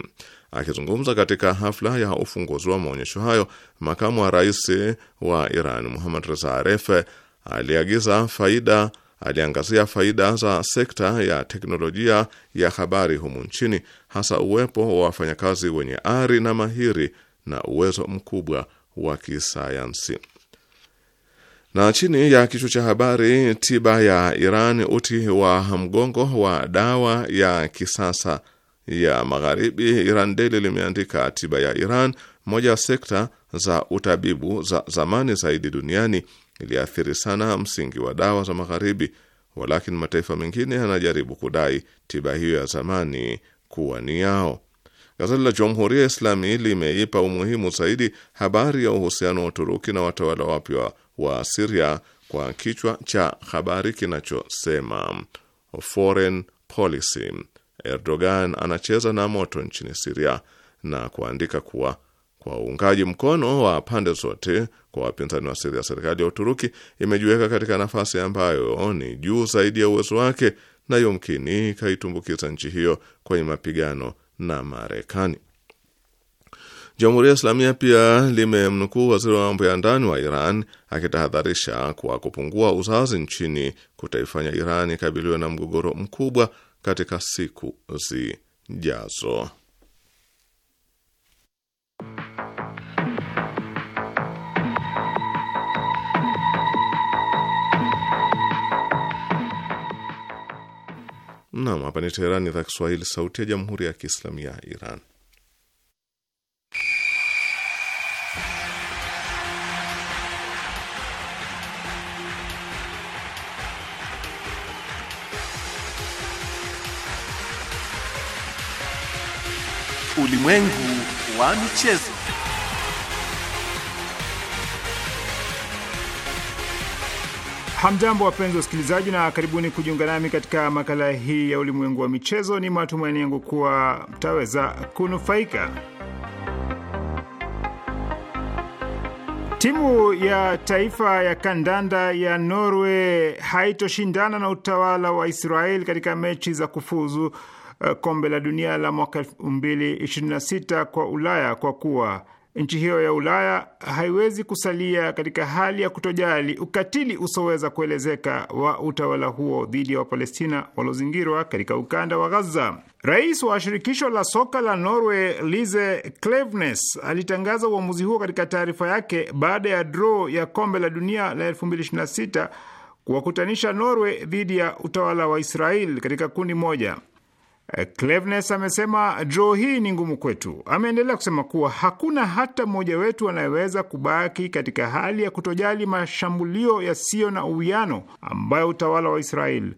Akizungumza katika hafla ya ufunguzi wa maonyesho hayo, makamu wa rais wa Iran Muhammad Reza Aref aliagiza faida Aliangazia faida za sekta ya teknolojia ya habari humu nchini, hasa uwepo wa wafanyakazi wenye ari na mahiri na uwezo mkubwa wa kisayansi. Na chini ya kichwa cha habari tiba ya Iran, uti wa mgongo wa dawa ya kisasa ya Magharibi, Iran Daily limeandika tiba ya Iran, moja ya sekta za utabibu za zamani zaidi duniani iliathiri sana msingi wa dawa za Magharibi, walakini mataifa mengine yanajaribu kudai tiba hiyo ya zamani kuwa ni yao. Gazeti la Jamhuria ya Islami limeipa umuhimu zaidi habari ya uhusiano wa Uturuki na watawala wapya wa Siria kwa kichwa cha habari kinachosema Foreign Policy, Erdogan anacheza na moto nchini Siria na kuandika kuwa kwa uungaji mkono wa pande zote kwa wapinzani wa siri ya serikali ya Uturuki imejiweka katika nafasi ambayo ni juu zaidi ya uwezo wake na yomkini ikaitumbukiza nchi hiyo kwenye mapigano na Marekani. Jamhuri ya Islamia pia limemnukuu waziri wa mambo ya ndani wa Iran akitahadharisha kwa kupungua uzazi nchini kutaifanya Iran ikabiliwe na mgogoro mkubwa katika siku zijazo. Naam, hapa ni Teherani, idhaa Kiswahili, sauti ya jamhuri ya kiislamu ya Iran. Ulimwengu wa michezo. Hamjambo, wapenzi wasikilizaji, na karibuni kujiunga nami katika makala hii ya ulimwengu wa michezo. Ni matumaini yangu kuwa mtaweza kunufaika. Timu ya taifa ya kandanda ya Norway haitoshindana na utawala wa Israel katika mechi za kufuzu eh, kombe la dunia la mwaka 2026 kwa Ulaya kwa kuwa nchi hiyo ya Ulaya haiwezi kusalia katika hali ya kutojali ukatili usioweza kuelezeka wa utawala huo dhidi ya Wapalestina waliozingirwa katika ukanda wa Gaza. Rais wa shirikisho la soka la Norway Lise Klevnes alitangaza uamuzi huo katika taarifa yake baada ya draw ya kombe la dunia la 2026 kuwakutanisha Norway dhidi ya utawala wa Israel katika kundi moja. Clevenes amesema draw hii ni ngumu kwetu. Ameendelea kusema kuwa hakuna hata mmoja wetu anayeweza kubaki katika hali ya kutojali mashambulio yasiyo na uwiano ambayo utawala wa Israel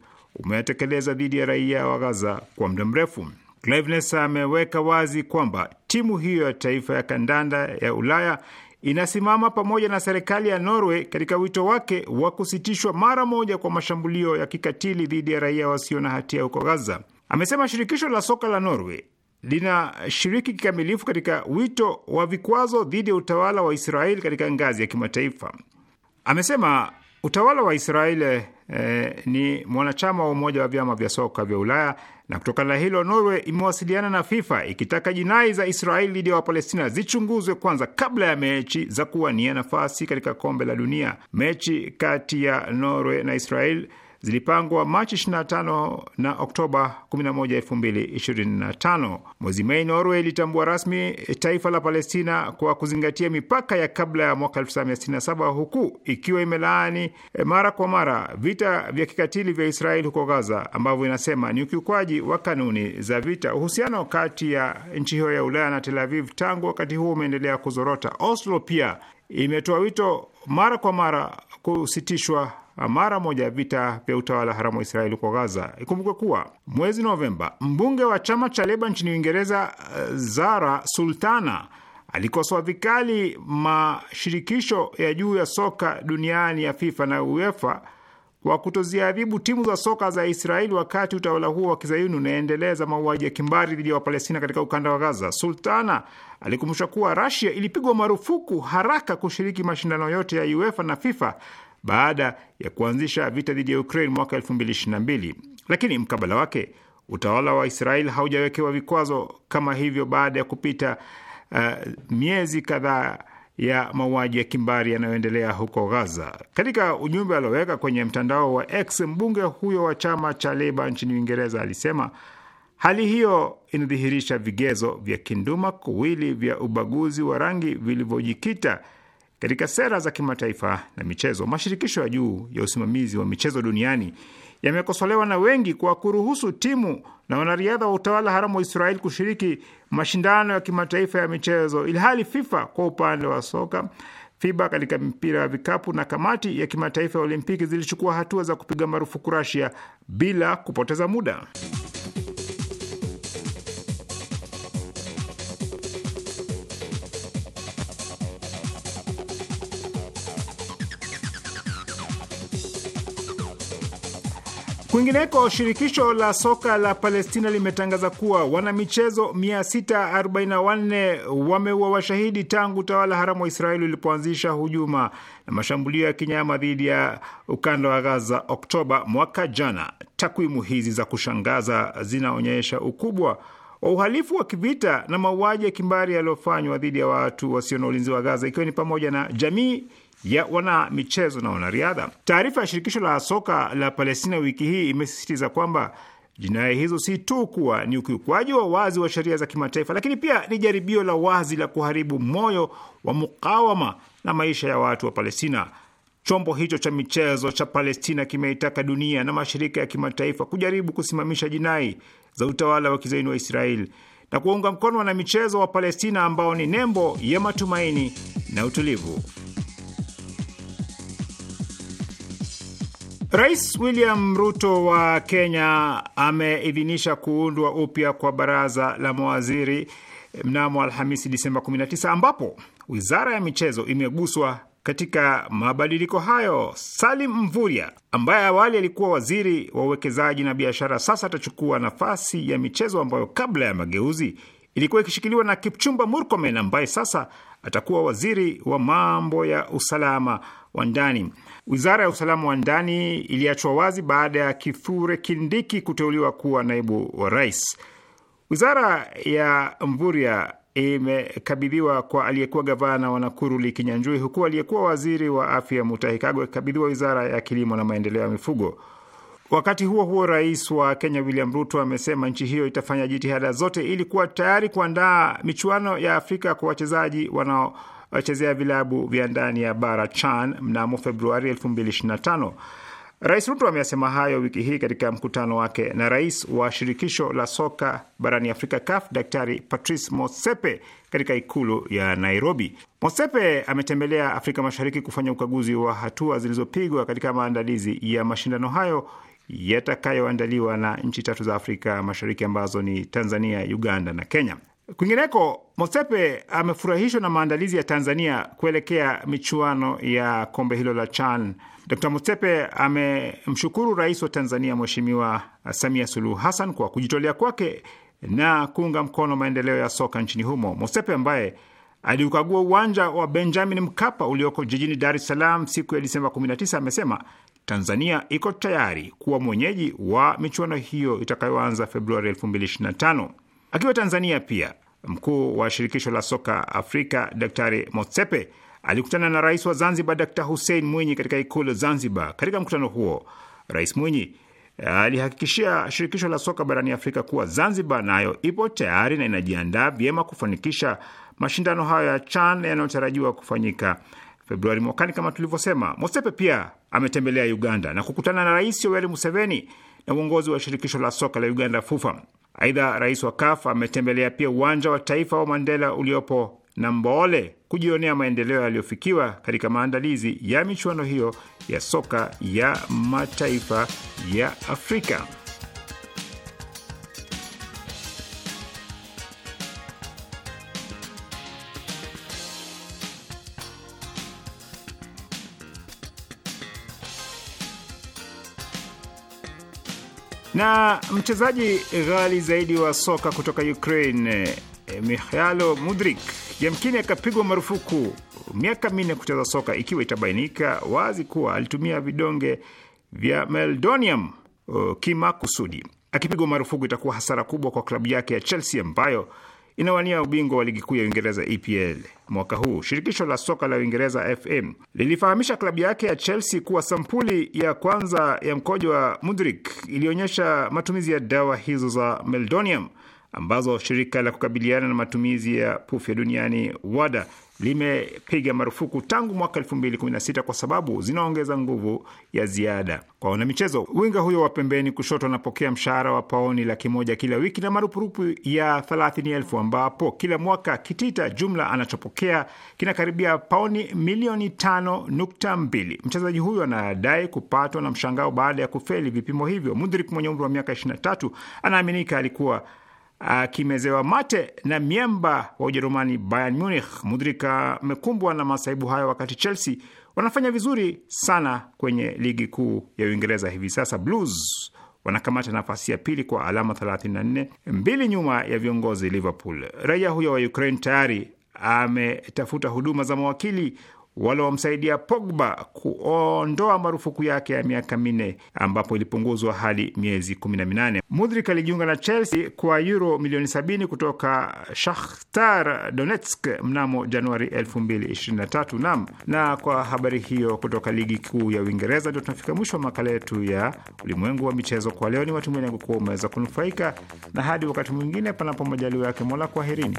umeyatekeleza dhidi ya raia wa Gaza kwa muda mrefu. Clevenes ameweka wazi kwamba timu hiyo ya taifa ya kandanda ya Ulaya inasimama pamoja na serikali ya Norway katika wito wake wa kusitishwa mara moja kwa mashambulio ya kikatili dhidi ya raia wasio na hatia huko Gaza. Amesema shirikisho la soka la Norway linashiriki kikamilifu katika wito wa vikwazo dhidi ya utawala wa Israeli katika ngazi ya kimataifa. Amesema utawala wa Israeli eh, ni mwanachama wa Umoja wa Vyama vya Soka vya Ulaya, na kutokana na hilo Norway imewasiliana na FIFA ikitaka jinai za Israeli dhidi ya Wapalestina zichunguzwe kwanza kabla ya mechi za kuwania nafasi katika Kombe la Dunia. Mechi kati ya Norway na Israeli zilipangwa Machi 25 na Oktoba 11, 2025. Mwezi Mei, Norway ilitambua rasmi taifa la Palestina kwa kuzingatia mipaka ya kabla ya mwaka 1967 huku ikiwa imelaani eh, mara kwa mara vita vya kikatili vya israeli huko Gaza ambavyo inasema ni ukiukwaji wa kanuni za vita. Uhusiano kati ya nchi hiyo ya Ulaya na Tel Aviv tangu wakati huo umeendelea kuzorota. Oslo pia imetoa wito mara kwa mara kusitishwa mara moja vita vya utawala haramu wa Israeli huko Gaza. Ikumbukwe kuwa mwezi Novemba, mbunge wa chama cha Leba nchini Uingereza eh, Zara Sultana alikosoa vikali mashirikisho ya juu ya soka duniani ya FIFA na UEFA kwa kutoziadhibu timu za soka za Israeli wakati utawala huo wa kizayuni unaendeleza mauaji ya kimbari dhidi ya Wapalestina katika ukanda wa Gaza. Sultana alikumbusha kuwa Rasia ilipigwa marufuku haraka kushiriki mashindano yote ya UEFA na FIFA baada ya kuanzisha vita dhidi ya Ukraine mwaka 2022. Lakini mkabala wake utawala wa Israel haujawekewa vikwazo kama hivyo baada ya kupita uh, miezi kadhaa ya mauaji ya kimbari yanayoendelea huko Gaza. Katika ujumbe alioweka kwenye mtandao wa X, mbunge huyo wa chama cha Leba nchini Uingereza alisema hali hiyo inadhihirisha vigezo vya kinduma kuwili vya ubaguzi wa rangi vilivyojikita katika sera za kimataifa na michezo, mashirikisho ya juu ya usimamizi wa michezo duniani yamekosolewa na wengi kwa kuruhusu timu na wanariadha wa utawala haramu wa Israeli kushiriki mashindano ya kimataifa ya michezo, ilhali FIFA kwa upande wa soka, FIBA katika mpira wa vikapu na kamati ya kimataifa ya Olimpiki zilichukua hatua za kupiga marufuku Rasia bila kupoteza muda. Kwingineko, shirikisho la soka la Palestina limetangaza kuwa wanamichezo 644 wameua washahidi tangu utawala haramu wa Israeli ulipoanzisha hujuma na mashambulio ya kinyama dhidi ya ukanda wa Gaza Oktoba mwaka jana. Takwimu hizi za kushangaza zinaonyesha ukubwa wa uhalifu wa kivita na mauaji ya kimbari yaliyofanywa dhidi ya watu wasio na ulinzi wa Gaza, ikiwa ni pamoja na jamii ya michezo na wanariadha. Taarifa ya shirikisho la soka la Palestina wiki hii imesisitiza kwamba jinai hizo si tu kuwa ni ukiukwaji wa wazi wa sheria za kimataifa, lakini pia ni jaribio la wazi la kuharibu moyo wa mukawama na maisha ya watu wa Palestina. Chombo hicho cha michezo cha Palestina kimeitaka dunia na mashirika ya kimataifa kujaribu kusimamisha jinai za utawala wa kizaini wa Israeli na kuunga mkono wanamichezo wa Palestina ambao ni nembo ya matumaini na utulivu. Rais William Ruto wa Kenya ameidhinisha kuundwa upya kwa baraza la mawaziri mnamo Alhamisi Disemba 19 ambapo wizara ya michezo imeguswa katika mabadiliko hayo. Salim Mvurya ambaye awali alikuwa waziri wa uwekezaji na biashara, sasa atachukua nafasi ya michezo ambayo kabla ya mageuzi ilikuwa ikishikiliwa na Kipchumba Murkomen ambaye sasa atakuwa waziri wa mambo ya usalama wa ndani. Wizara ya usalama wa ndani iliachwa wazi baada ya Kithure Kindiki kuteuliwa kuwa naibu wa rais. Wizara ya Mvurya imekabidhiwa kwa aliyekuwa gavana wa Nakuru Likinyanjui, huku aliyekuwa waziri wa afya Mutahi Kagwe akikabidhiwa wizara ya kilimo na maendeleo ya mifugo. Wakati huo huo, rais wa Kenya William Ruto amesema nchi hiyo itafanya jitihada zote ili kuwa tayari kuandaa michuano ya Afrika kwa wachezaji wanao wachezea vilabu vya ndani ya bara CHAN mnamo Februari 2025. Rais Ruto ameyasema hayo wiki hii katika mkutano wake na rais wa shirikisho la soka barani Afrika, CAF, Daktari Patrice Motsepe katika ikulu ya Nairobi. Motsepe ametembelea Afrika Mashariki kufanya ukaguzi wa hatua zilizopigwa katika maandalizi ya mashindano hayo yatakayoandaliwa na nchi tatu za Afrika Mashariki ambazo ni Tanzania, Uganda na Kenya. Kwingineko, Motsepe amefurahishwa na maandalizi ya Tanzania kuelekea michuano ya kombe hilo la CHAN. Dr Motsepe amemshukuru rais wa Tanzania Mheshimiwa Samia Suluhu Hassan kwa kujitolea kwake na kuunga mkono maendeleo ya soka nchini humo. Motsepe ambaye aliukagua uwanja wa Benjamin Mkapa ulioko jijini Dar es Salaam siku ya Disemba 19 amesema Tanzania iko tayari kuwa mwenyeji wa michuano hiyo itakayoanza Februari 2025. Akiwa Tanzania pia, mkuu wa shirikisho la soka Afrika Daktari Motsepe alikutana na rais wa Zanzibar d Hussein Mwinyi katika ikulu Zanzibar. Katika mkutano huo, Rais Mwinyi eh, alihakikishia shirikisho la soka barani Afrika kuwa Zanzibar nayo na ipo tayari na inajiandaa vyema kufanikisha mashindano hayo ya CHAN yanayotarajiwa kufanyika Februari mwakani. Kama tulivyosema, Motsepe pia ametembelea Uganda na kukutana na Rais Yoweri Museveni na uongozi wa shirikisho la soka la Uganda, FUFA. Aidha, rais wa KAF ametembelea pia uwanja wa taifa wa Mandela uliopo na mbole kujionea maendeleo yaliyofikiwa katika maandalizi ya michuano hiyo ya soka ya mataifa ya Afrika. Na mchezaji ghali zaidi wa soka kutoka Ukraine eh, Mihailo Mudrik yamkini akapigwa marufuku miaka minne kucheza soka ikiwa itabainika wazi kuwa alitumia vidonge vya meldonium eh, kimakusudi. Akipigwa marufuku itakuwa hasara kubwa kwa klabu yake ya Chelsea ambayo inawania ubingwa wa ligi kuu ya Uingereza EPL mwaka huu. Shirikisho la soka la Uingereza FM lilifahamisha klabu yake ya Chelsea kuwa sampuli ya kwanza ya mkojo wa Mudrik ilionyesha matumizi ya dawa hizo za Meldonium ambazo shirika la kukabiliana na matumizi ya ya duniani WADA limepiga marufuku tangu mwaka sita kwa sababu zinaongeza nguvu ya ziada kwa wanamichezo. Winga huyo wa pembeni kushoto anapokea mshahara wa paoni laki moja kila wiki na marupurupu ya thelathini elfu ambapo kila mwaka kitita jumla anachopokea kinakaribia paoni milioni tano nukta mbili. Mchezaji huyo anadai kupatwa na mshangao baada ya kufeli vipimo hivyo. Mudhrik mwenye umri wa miaka tatu anaaminika alikuwa akimezewa mate na miamba wa Ujerumani Bayern Munich. Mudrik amekumbwa na masaibu hayo wakati Chelsea wanafanya vizuri sana kwenye ligi kuu ya Uingereza hivi sasa. Blues wanakamata nafasi ya pili kwa alama 34, mbili nyuma ya viongozi Liverpool. Raia huyo wa Ukraine tayari ametafuta huduma za mawakili waliomsaidia Pogba kuondoa marufuku yake ya miaka minne ambapo ilipunguzwa hadi miezi kumi na minane. Mudrik alijiunga na Chelsea kwa euro milioni sabini kutoka Shakhtar Donetsk mnamo Januari elfu mbili ishirini na tatu. Nam, na kwa habari hiyo kutoka ligi kuu ya Uingereza ndio tunafika mwisho wa makala yetu ya ulimwengu wa michezo kwa leo. Ni matumaini yangu kuwa umeweza kunufaika, na hadi wakati mwingine, panapo majaliwa yake Mola, kwaherini.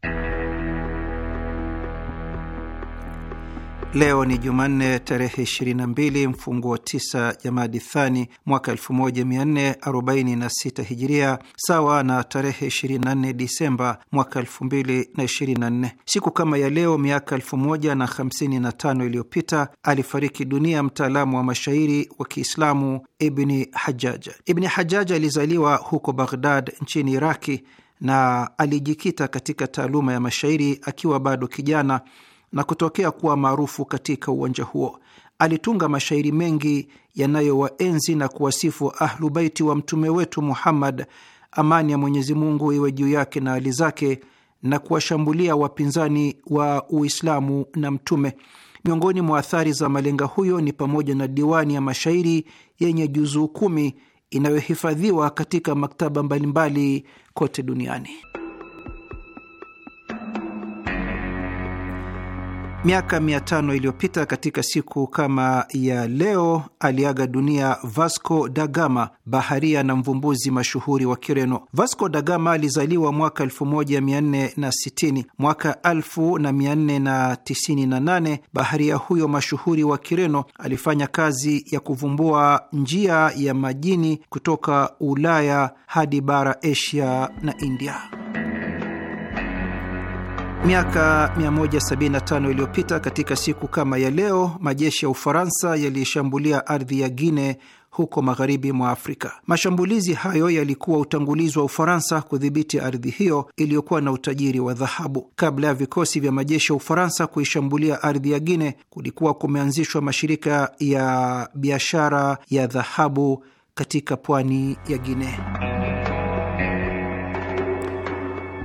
Leo ni Jumanne tarehe 22 mfunguo 9 Jamadi Thani mwaka 1446 Hijiria, sawa na tarehe 24 Disemba mwaka 2024. Siku kama ya leo miaka 1055 iliyopita alifariki dunia mtaalamu wa mashairi wa Kiislamu Ibni Hajaja. Ibni Hajaja alizaliwa huko Baghdad nchini Iraki na alijikita katika taaluma ya mashairi akiwa bado kijana na kutokea kuwa maarufu katika uwanja huo. Alitunga mashairi mengi yanayowaenzi na kuwasifu Ahlu Baiti wa mtume wetu Muhammad, amani ya Mwenyezi Mungu iwe juu yake na hali zake, na kuwashambulia wapinzani wa Uislamu na mtume. Miongoni mwa athari za malenga huyo ni pamoja na diwani ya mashairi yenye juzuu kumi inayohifadhiwa katika maktaba mbalimbali kote duniani. Miaka tano iliyopita katika siku kama ya leo aliaga dunia Vasco da Gama, baharia na mvumbuzi mashuhuri wa Kireno. Vasco da Gama alizaliwa mwaka 1460. Mwaka 1498 baharia huyo mashuhuri wa Kireno alifanya kazi ya kuvumbua njia ya majini kutoka Ulaya hadi bara Asia na India. Miaka 175 iliyopita katika siku kama ya leo, majeshi ya Ufaransa yaliishambulia ardhi ya Guine huko magharibi mwa Afrika. Mashambulizi hayo yalikuwa utangulizi wa Ufaransa kudhibiti ardhi hiyo iliyokuwa na utajiri wa dhahabu. Kabla ya vikosi vya majeshi ya Ufaransa kuishambulia ardhi ya Guine, kulikuwa kumeanzishwa mashirika ya biashara ya dhahabu katika pwani ya Guinea.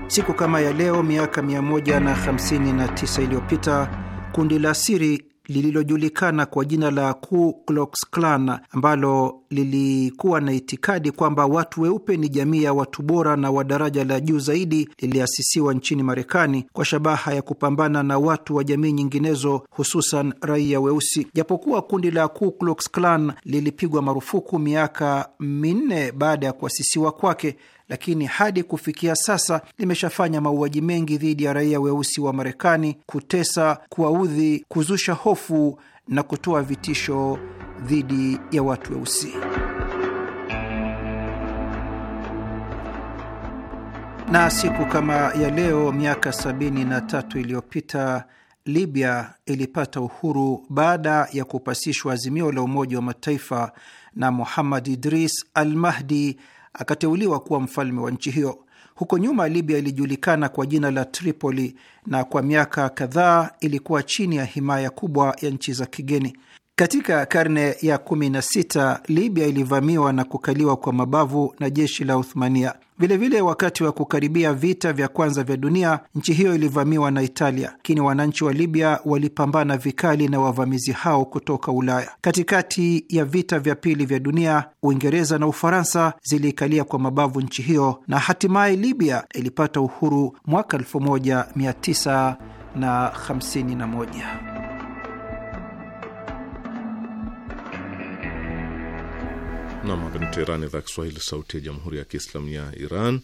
Siku kama ya leo miaka 159 iliyopita kundi la siri lililojulikana kwa jina la Ku Klux Klan ambalo lilikuwa na itikadi kwamba watu weupe ni jamii ya watu bora na wa daraja la juu zaidi liliasisiwa nchini Marekani kwa shabaha ya kupambana na watu wa jamii nyinginezo, hususan raia weusi. Japokuwa kundi la Ku Klux Klan lilipigwa marufuku miaka minne baada ya kuasisiwa kwake lakini hadi kufikia sasa limeshafanya mauaji mengi dhidi ya raia weusi wa Marekani, kutesa, kuwaudhi, kuzusha hofu na kutoa vitisho dhidi ya watu weusi. Na siku kama ya leo miaka tatu iliyopita Libya ilipata uhuru baada ya kupasishwa azimio la Umoja wa Mataifa na Muhammad Idris Al Mahdi akateuliwa kuwa mfalme wa nchi hiyo. Huko nyuma Libya ilijulikana kwa jina la Tripoli na kwa miaka kadhaa ilikuwa chini ya himaya kubwa ya nchi za kigeni. Katika karne ya 16 Libya ilivamiwa na kukaliwa kwa mabavu na jeshi la Uthmania. Vilevile, wakati wa kukaribia vita vya kwanza vya dunia, nchi hiyo ilivamiwa na Italia, lakini wananchi wa Libya walipambana vikali na wavamizi hao kutoka Ulaya. Katikati ya vita vya pili vya dunia, Uingereza na Ufaransa ziliikalia kwa mabavu nchi hiyo na hatimaye Libya ilipata uhuru mwaka 1951. Nam, hapa ni Teherani, idhaa Kiswahili, sauti ya jamhuri ya kiislamu ya Iran.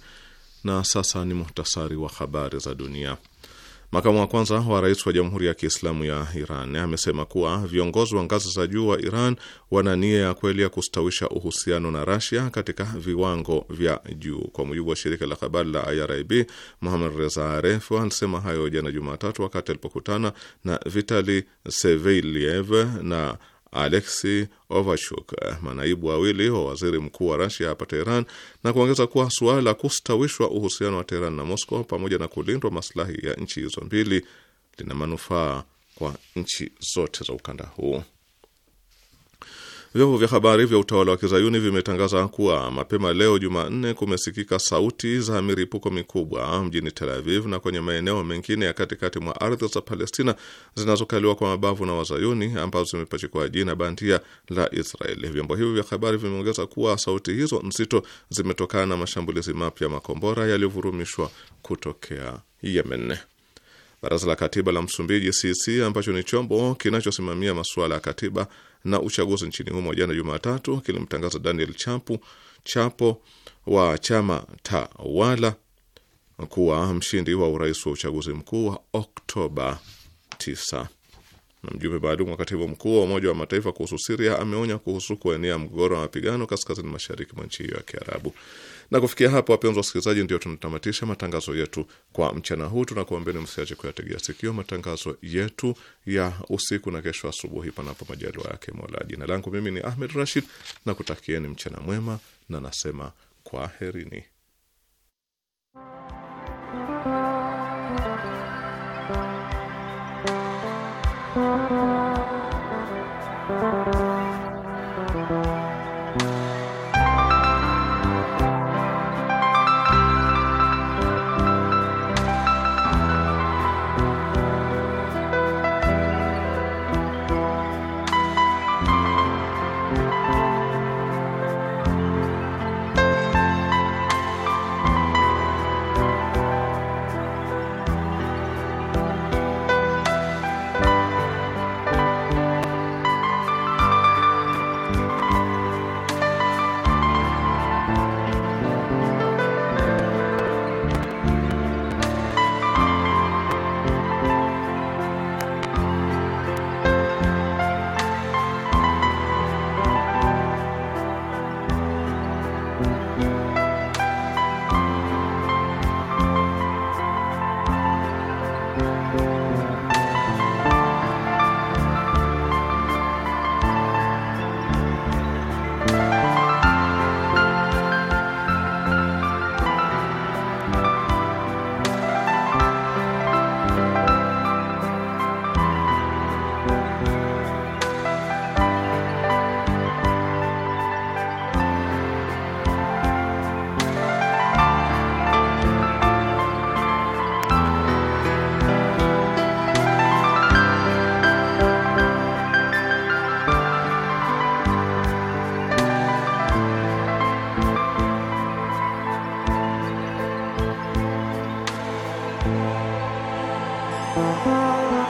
Na sasa ni muhtasari wa habari za dunia. Makamu wa kwanza wa rais wa jamhuri ya kiislamu ya Iran amesema kuwa viongozi wa ngazi za juu wa Iran wana nia ya kweli ya kustawisha uhusiano na Rasia katika viwango vya juu. Kwa mujibu wa shirika la habari la IRIB, Mohamed Reza Aref alisema hayo jana Jumatatu wakati alipokutana na Vitali Seveiliev na alexi Ovachuk, manaibu wawili wa waziri mkuu wa Rasia hapa Teheran, na kuongeza kuwa suala la kustawishwa uhusiano wa Teheran na Moscow pamoja na kulindwa maslahi ya nchi hizo mbili lina manufaa kwa nchi zote za ukanda huu. Vyombo vya habari vya utawala wa kizayuni vimetangaza kuwa mapema leo Jumanne kumesikika sauti za miripuko mikubwa mjini Tel Aviv na kwenye maeneo mengine ya katikati mwa ardhi za Palestina zinazokaliwa kwa mabavu na wazayuni ambazo zimepachikwa jina bandia la Israeli. Vyombo hivyo vya habari vimeongeza kuwa sauti hizo nzito zimetokana na mashambulizi mapya makombora yaliyovurumishwa kutokea Yemen. Baraza la Katiba la Msumbiji CC ambacho ni chombo kinachosimamia masuala ya katiba na uchaguzi nchini humo jana Jumatatu kilimtangaza Daniel Chapu Chapo wa chama tawala kuwa mshindi wa urais wa uchaguzi mkuu wa Oktoba 9. Na mjumbe maalum wa katibu mkuu wa Umoja wa Mataifa kuhusu Siria ameonya kuhusu kuenea mgogoro wa mapigano kaskazini mashariki mwa nchi hiyo ya Kiarabu. Na kufikia hapo, wapenzi wasikilizaji, ndio tunatamatisha matangazo yetu kwa mchana huu. Tunakuambeni msiache kuyategea sikio matangazo yetu ya usiku na kesho asubuhi, panapo majaliwa yake Mola. Jina langu mimi ni Ahmed Rashid na kutakieni mchana mwema na nasema kwaherini.